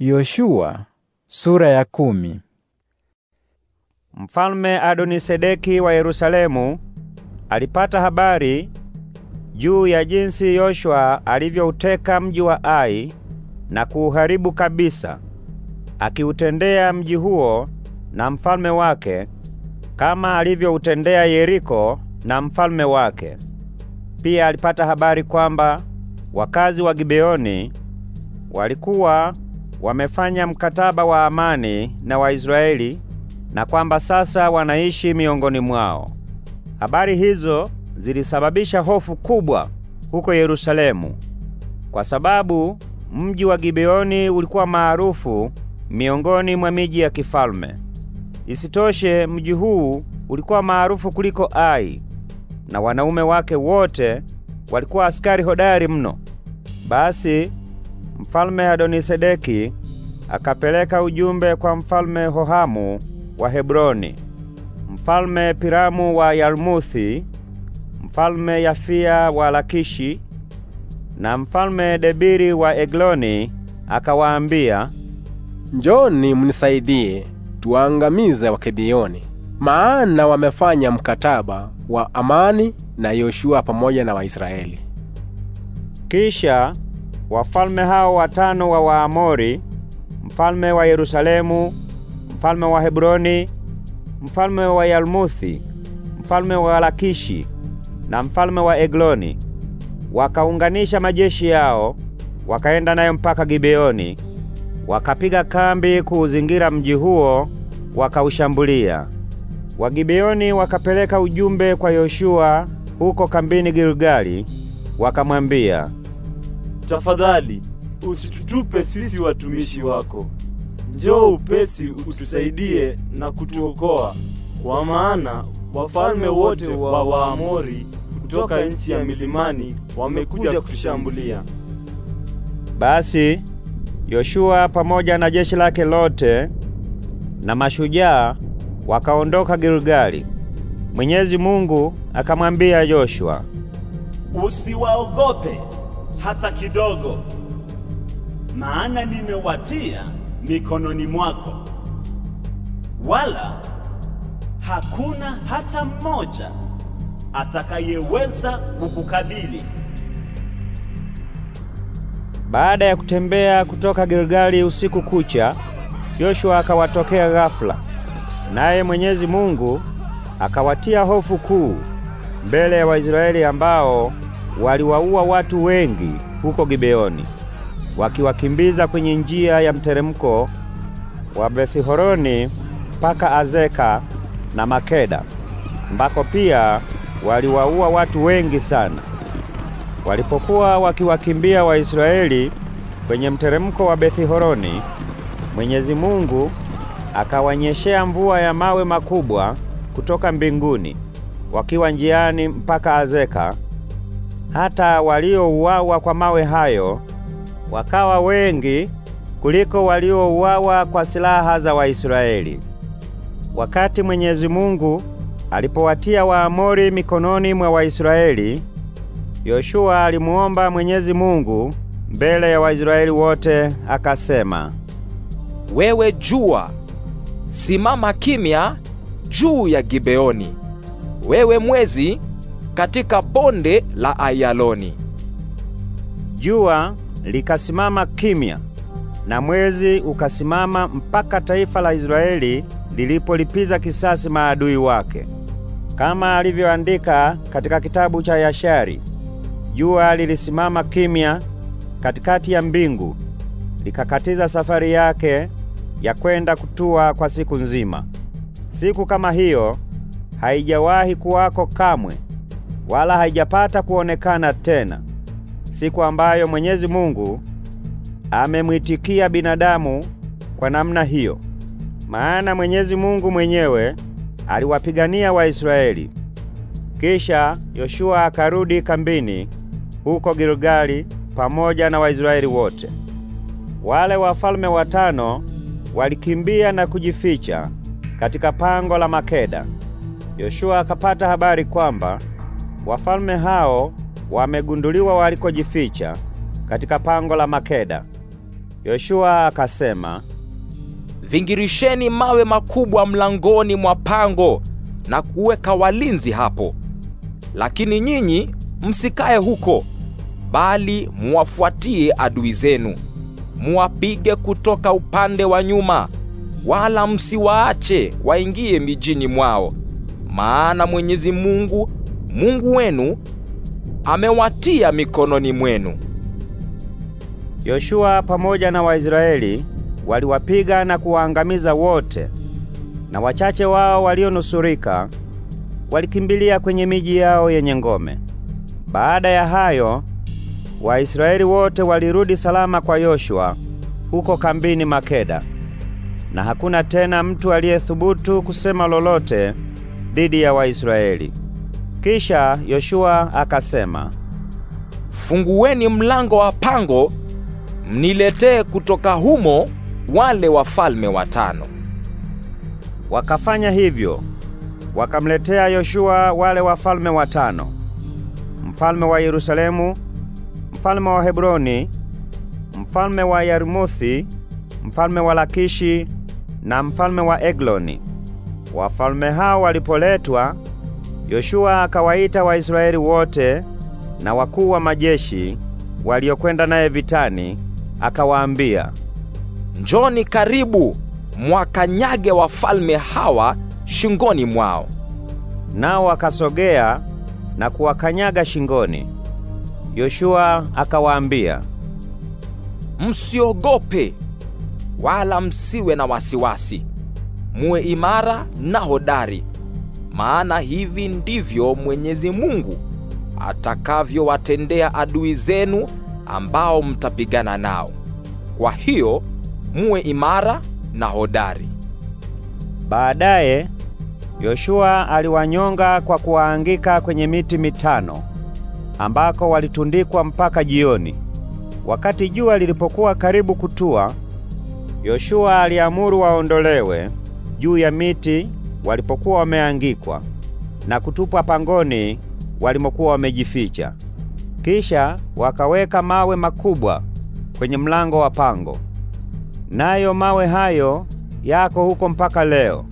Yoshua sura ya kumi. Mfalme Adonisedeki wa Yerusalemu alipata habari juu ya jinsi Yoshua alivyouteka mji wa Ai na kuuharibu kabisa, akiutendea mji huo na mfalme wake kama alivyoutendea Yeriko na mfalme wake. Pia alipata habari kwamba wakazi wa Gibeoni walikuwa wamefanya mkataba wa amani na Waisraeli na kwamba sasa wanaishi miongoni mwao. Habari hizo zilisababisha hofu kubwa huko Yerusalemu, kwa sababu mji wa Gibeoni ulikuwa maarufu miongoni mwa miji ya kifalme. Isitoshe, mji huu ulikuwa maarufu kuliko Ai, na wanaume wake wote walikuwa askari hodari mno. Basi Mfalme Adonisedeki akapeleka ujumbe kwa mfalme Hohamu wa Hebroni, mfalme Piramu wa Yarmuthi, mfalme Yafia wa Lakishi na mfalme Debiri wa Egloni, akawaambia, njoni mnisaidie tuangamize Wakebioni, maana wamefanya mkataba wa amani na Yoshua pamoja na Waisraeli. Kisha Wafalme hao watano wa Waamori, mfalme wa Yerusalemu, mfalme wa Hebroni, mfalme wa Yalmuthi, mfalme wa Lakishi na mfalme wa Egloni, wakaunganisha majeshi yao, wakaenda nayo mpaka Gibeoni, wakapiga kambi kuuzingira mji huo, wakaushambulia. Wagibeoni wakapeleka ujumbe kwa Yoshua huko kambini Gilgali, wakamwambia tafadhali usitutupe sisi watumishi wako. Njoo upesi utusaidie na kutuokoa, kwa maana wafalme wote wa Waamori kutoka nchi ya milimani wamekuja kutushambulia. Basi Yoshua pamoja na jeshi lake lote na mashujaa wakaondoka Gilgali. Mwenyezi Mungu akamwambia Yoshua, usiwaogope hata kidogo, maana nimewatia mikononi mwako, wala hakuna hata mmoja atakayeweza kukukabili. Baada ya kutembea kutoka Gilgali usiku kucha, Yoshua akawatokea ghafla, naye Mwenyezi Mungu akawatia hofu kuu mbele ya Waisraeli ambao waliwaua watu wengi huko Gibeoni, wakiwakimbiza kwenye njia ya mteremko wa Bethihoroni mpaka Azeka na Makeda, ambako pia waliwaua watu wengi sana. Walipokuwa wakiwakimbia Waisraeli kwenye mteremko wa Bethihoroni, Mwenyezi Mungu akawanyeshea mvua ya mawe makubwa kutoka mbinguni wakiwa njiani mpaka Azeka hata waliouawa kwa mawe hayo wakawa wengi kuliko waliouawa kwa silaha za Waisraeli. Wakati Mwenyezi Mungu alipowatia Waamori mikononi mwa Waisraeli, Yoshua alimuomba Mwenyezi Mungu mbele ya Waisraeli wote akasema, wewe jua, simama kimya juu ya Gibeoni, wewe mwezi katika bonde la Ayaloni. Jua likasimama kimya na mwezi ukasimama mpaka taifa la Israeli lilipolipiza kisasi maadui wake, kama alivyoandika katika kitabu cha Yashari. Jua lilisimama kimya katikati ya mbingu likakatiza safari yake ya kwenda kutua kwa siku nzima. Siku kama hiyo haijawahi kuwako kamwe wala haijapata kuonekana tena, siku ambayo Mwenyezi Mungu amemwitikia binadamu kwa namna hiyo. Maana Mwenyezi Mungu mwenyewe aliwapigania Waisraeli. Kisha Yoshua akarudi kambini huko Gilgali pamoja na Waisraeli wote. Wale wafalme watano walikimbia na kujificha katika pango la Makeda. Yoshua akapata habari kwamba Wafalme hao wamegunduliwa walikojificha katika pango la Makeda. Yoshua akasema, vingirisheni mawe makubwa mlangoni mwa pango na kuweka walinzi hapo, lakini nyinyi msikae huko, bali muwafuatie adui zenu, muwapige kutoka upande wa nyuma, wala msiwaache waingie mijini mwao, maana Mwenyezi Mungu Mungu wenu amewatia mikononi mwenu. Yoshua pamoja na Waisraeli waliwapiga na kuwaangamiza wote, na wachache wao walionusurika walikimbilia kwenye miji yao yenye ngome. Baada ya hayo, Waisraeli wote walirudi salama kwa Yoshua huko kambini Makeda, na hakuna tena mtu aliyethubutu kusema lolote dhidi ya Waisraeli. Kisha Yoshua akasema, funguweni mlango wa pango, mniletee kutoka humo wale wafalme watano. Wakafanya hivyo, wakamletea Yoshua wale wafalme watano: mfalme wa Yerusalemu, mfalme wa Hebroni, mfalme wa Yarmuthi, mfalme wa Lakishi na mfalme wa Egloni. Wafalme hao walipoletwa Yoshua akawaita Waisraeli wote na wakuu wa majeshi waliokwenda naye vitani, akawaambia, njoni karibu, mwakanyage wafalme hawa shingoni mwao. Nao akasogea na kuwakanyaga shingoni. Yoshua akawaambia, msiogope wala msiwe na wasiwasi, muwe imara na hodari maana hivi ndivyo Mwenyezi Mungu atakavyowatendea adui zenu ambao mtapigana nao. Kwa hiyo muwe imara na hodari. Baadaye Yoshua aliwanyonga kwa kuwaangika kwenye miti mitano ambako walitundikwa mpaka jioni. Wakati jua lilipokuwa karibu kutua, Yoshua aliamuru waondolewe juu ya miti walipokuwa wameangikwa na kutupwa pangoni walimokuwa wamejificha. Kisha wakaweka mawe makubwa kwenye mlango wa pango, nayo mawe hayo yako huko mpaka leo.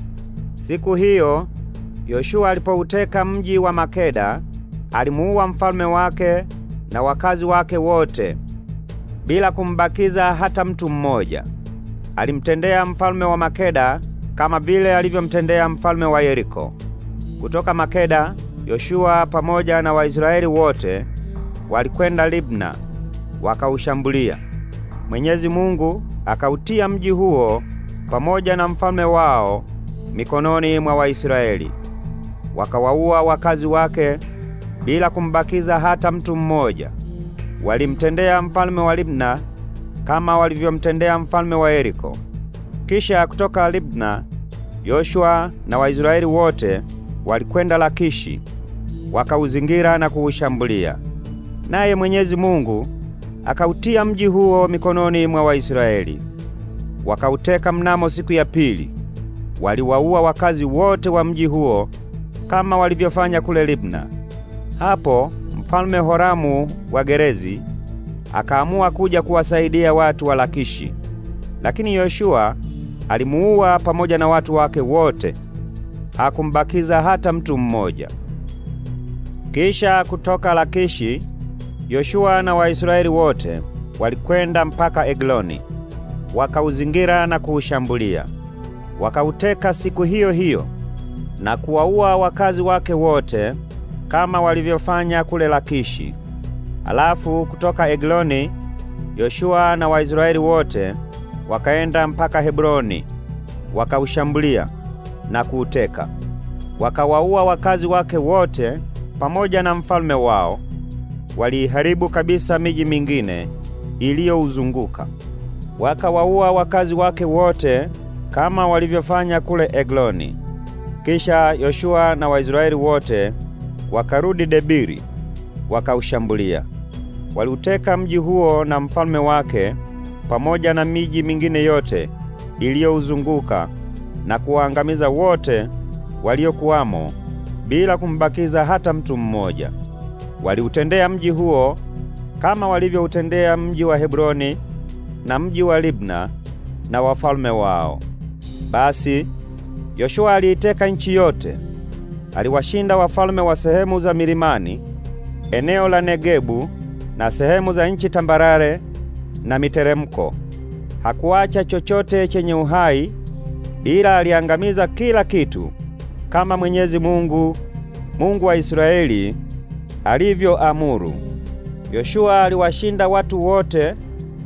Siku hiyo Yoshua alipouteka mji wa Makeda, alimuua mfalme wake na wakazi wake wote bila kumbakiza hata mtu mmoja. Alimtendea mfalme wa Makeda kama vile alivyomtendea mfalme wa Yeriko. Kutoka Makeda, Yoshua pamoja na Waisraeli wote walikwenda Libna wakaushambulia. Mwenyezi Mungu akautia mji huo pamoja na mfalme wao mikononi mwa Waisraeli. Wakawaua wakazi wake bila kumbakiza hata mtu mmoja. Walimtendea mfalme wa Libna kama walivyomtendea mfalme wa Yeriko. Kisha kutoka Libna Yoshua na Waisraeli wote walikwenda Lakishi, wakauzingira na kuushambulia. Naye Mwenyezi Mungu akautia mji huo mikononi mwa Waisraeli. Wakauteka mnamo siku ya pili, waliwaua wakazi wote wa mji huo kama walivyofanya kule Libna. Hapo mfalme Horamu wa Gerezi akaamua kuja kuwasaidia watu wa Lakishi, lakini Yoshua alimuua pamoja na watu wake wote, hakumbakiza hata mtu mmoja. Kisha kutoka Lakishi Yoshua na Waisraeli wote walikwenda mpaka Egloni, wakauzingira na kuushambulia. Wakauteka siku hiyo hiyo na kuwaua wakazi wake wote kama walivyofanya kule Lakishi. Alafu kutoka Egloni Yoshua na Waisraeli wote Wakaenda mpaka Hebroni, wakaushambulia na kuuteka. Wakawaua wakazi wake wote pamoja na mfalme wao. Waliharibu kabisa miji mingine iliyouzunguka. Wakawaua wakazi wake wote kama walivyofanya kule Egloni. Kisha Yoshua na Waisraeli wote wakarudi Debiri, wakaushambulia. Waliuteka mji huo na mfalme wake pamoja na miji mingine yote iliyouzunguka na kuwaangamiza wote waliokuwamo bila kumbakiza hata mtu mmoja. Waliutendea mji huo kama walivyoutendea mji wa Hebroni na mji wa Libna na wafalme wao. Basi Yoshua aliiteka nchi yote. Aliwashinda wafalme wa sehemu za milimani, eneo la Negebu na sehemu za nchi tambarare na miteremko. Hakuacha chochote chenye uhai, ila aliangamiza kila kitu, kama Mwenyezi Mungu, Mungu wa Israeli, alivyoamuru. Yoshua aliwashinda watu wote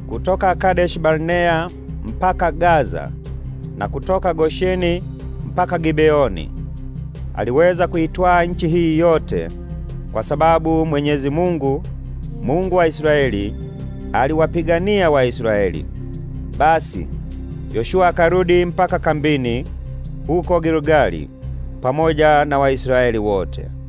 kutoka Kadesh Barnea mpaka Gaza na kutoka Gosheni mpaka Gibeoni. Aliweza kuitwaa nchi hii yote kwa sababu Mwenyezi Mungu, Mungu wa Israeli aliwapigania Waisraeli. Basi Yoshua akarudi mpaka kambini huko Gilgali pamoja na Waisraeli wote.